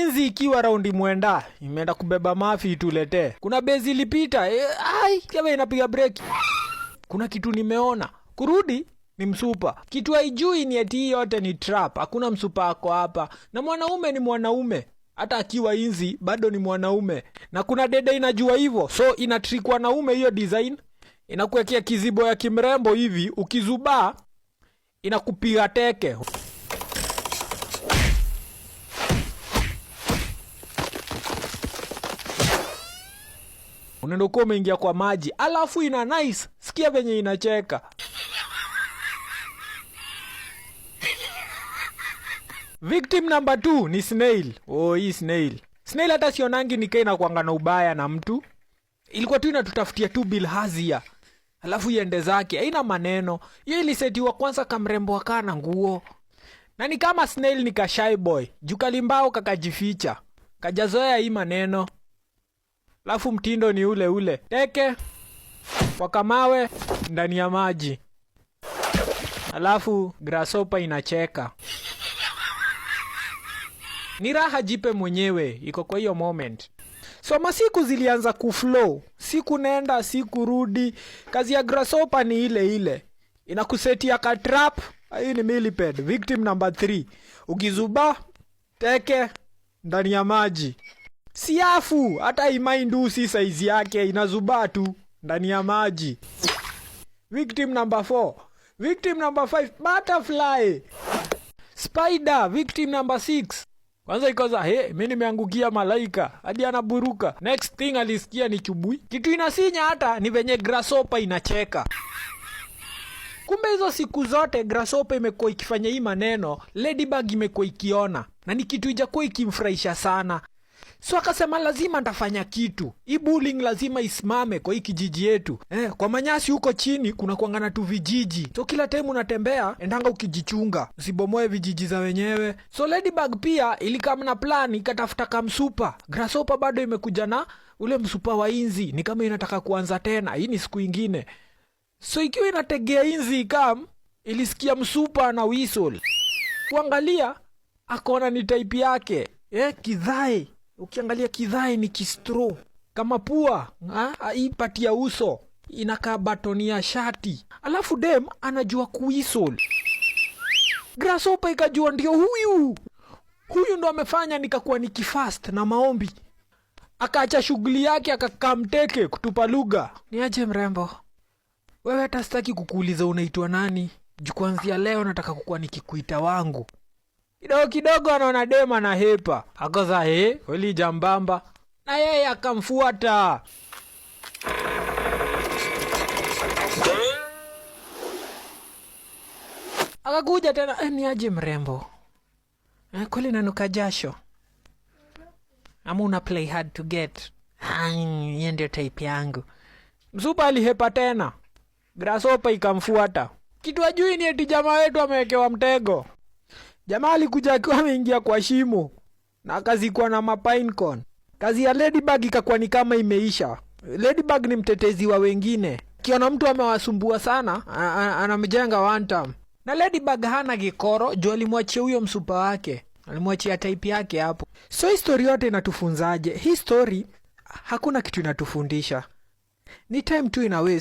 Inzi ikiwa raundi mwenda imeenda kubeba mafi ituletee. Kuna bezi ilipita e, ai kama inapiga breki. Kuna kitu nimeona kurudi ni msupa. Kitu haijui ni eti hii yote ni trap. Hakuna msupa ako hapa, na mwanaume ni mwanaume hata akiwa inzi bado ni mwanaume, na kuna dede inajua hivyo, so inatrick wanaume. Hiyo design inakuwekea kizibo ya kimrembo hivi, ukizubaa inakupiga teke. unaenda ukuwa umeingia kwa maji, alafu ina nice. Sikia venye inacheka Victim number t ni snail. Oh, hii snail. Snail hata sionangi nikaa inakwanga na ubaya na mtu. Ilikuwa tu inatutafutia tu bilhazia. Alafu iende zake, aina maneno. Hiyo ilisetiwa kwanza kamrembo akaa na nguo. Na ni kama snail ni ka boy. Juu Kalimbao kakajificha. Kajazoea hii maneno alafu mtindo ni ule ule, teke kwa kamawe ndani ya maji, alafu grasshopper inacheka. Ni raha jipe mwenyewe, iko kwa hiyo moment. So masiku zilianza kuflow, siku nenda siku rudi. Kazi ya grasshopper ni ile ile, inakusetia ka trap. Hii ni millipede, victim number 3. ukizuba teke ndani ya maji. Siafu hata imaindu si saizi yake, inazubaa tu ndani ya maji. Victim number 4. Victim number 5, butterfly. Spider, victim number 6. Kwanza ikoza he, mi nimeangukia malaika hadi anaburuka. Next thing alisikia ni chubui. Kitu inasinya hata ni venye grasshopper inacheka. Kumbe hizo siku zote grasshopper imekuwa ikifanya hii maneno, ladybug imekuwa ikiona, na ni kitu ijakuwa ikimfurahisha sana. So akasema lazima ndafanya kitu, hii bullying lazima isimame kwa hii kijiji yetu eh. Kwa manyasi huko chini kuna kuangana tu vijiji, so kila time unatembea endanga ukijichunga usibomoe vijiji za wenyewe. So Ladybug pia ilikamna plan ikatafuta kamsupa. grasopa bado imekuja na ule msupa wa inzi, ni kama inataka kuanza tena. Hii ni siku ingine, so ikiwa inategea inzi ikam, ilisikia msupa na whistle, kuangalia akona ni type yake eh, kidhae ukiangalia kidhai ni kistro kama pua hii ya uso inakaa batoni ya shati, alafu dem anajua kuisol. Grasopa ikajua ndio huyu huyu ndo amefanya nikakuwa kifast na maombi, akaacha shughuli yake akakaa mteke kutupa lugha. Niaje mrembo wewe, hata sitaki kukuuliza unaitwa nani juu kuanzia leo nataka kukuwa nikikuita wangu. Kidogo kidogo anaona dema na hepa, akoza he, eh, weli jambamba, na yeye akamfuata. Akakuja tena, eh, ni aje mrembo eh, kweli nanuka jasho, ama una play hard to get? iye ndio type yangu. Msupa alihepa tena, grasopa ikamfuata. Kitu ajui ni eti jamaa wetu amewekewa mtego. Jamaa alikuja akiwa ameingia kwa shimo na akazikwa na mapinecone. Kazi ya Ladybug ikakuwa ni kama imeisha. Ladybug ni mtetezi wa wengine, akiona mtu amewasumbua sana anamjenga one time. Na Ladybug hana kikoro juu alimwachia huyo msupa wake, alimwachia type yake hapo. So hii story yote inatufunzaje? Hii story hakuna kitu inatufundisha, ni time tu ina waste.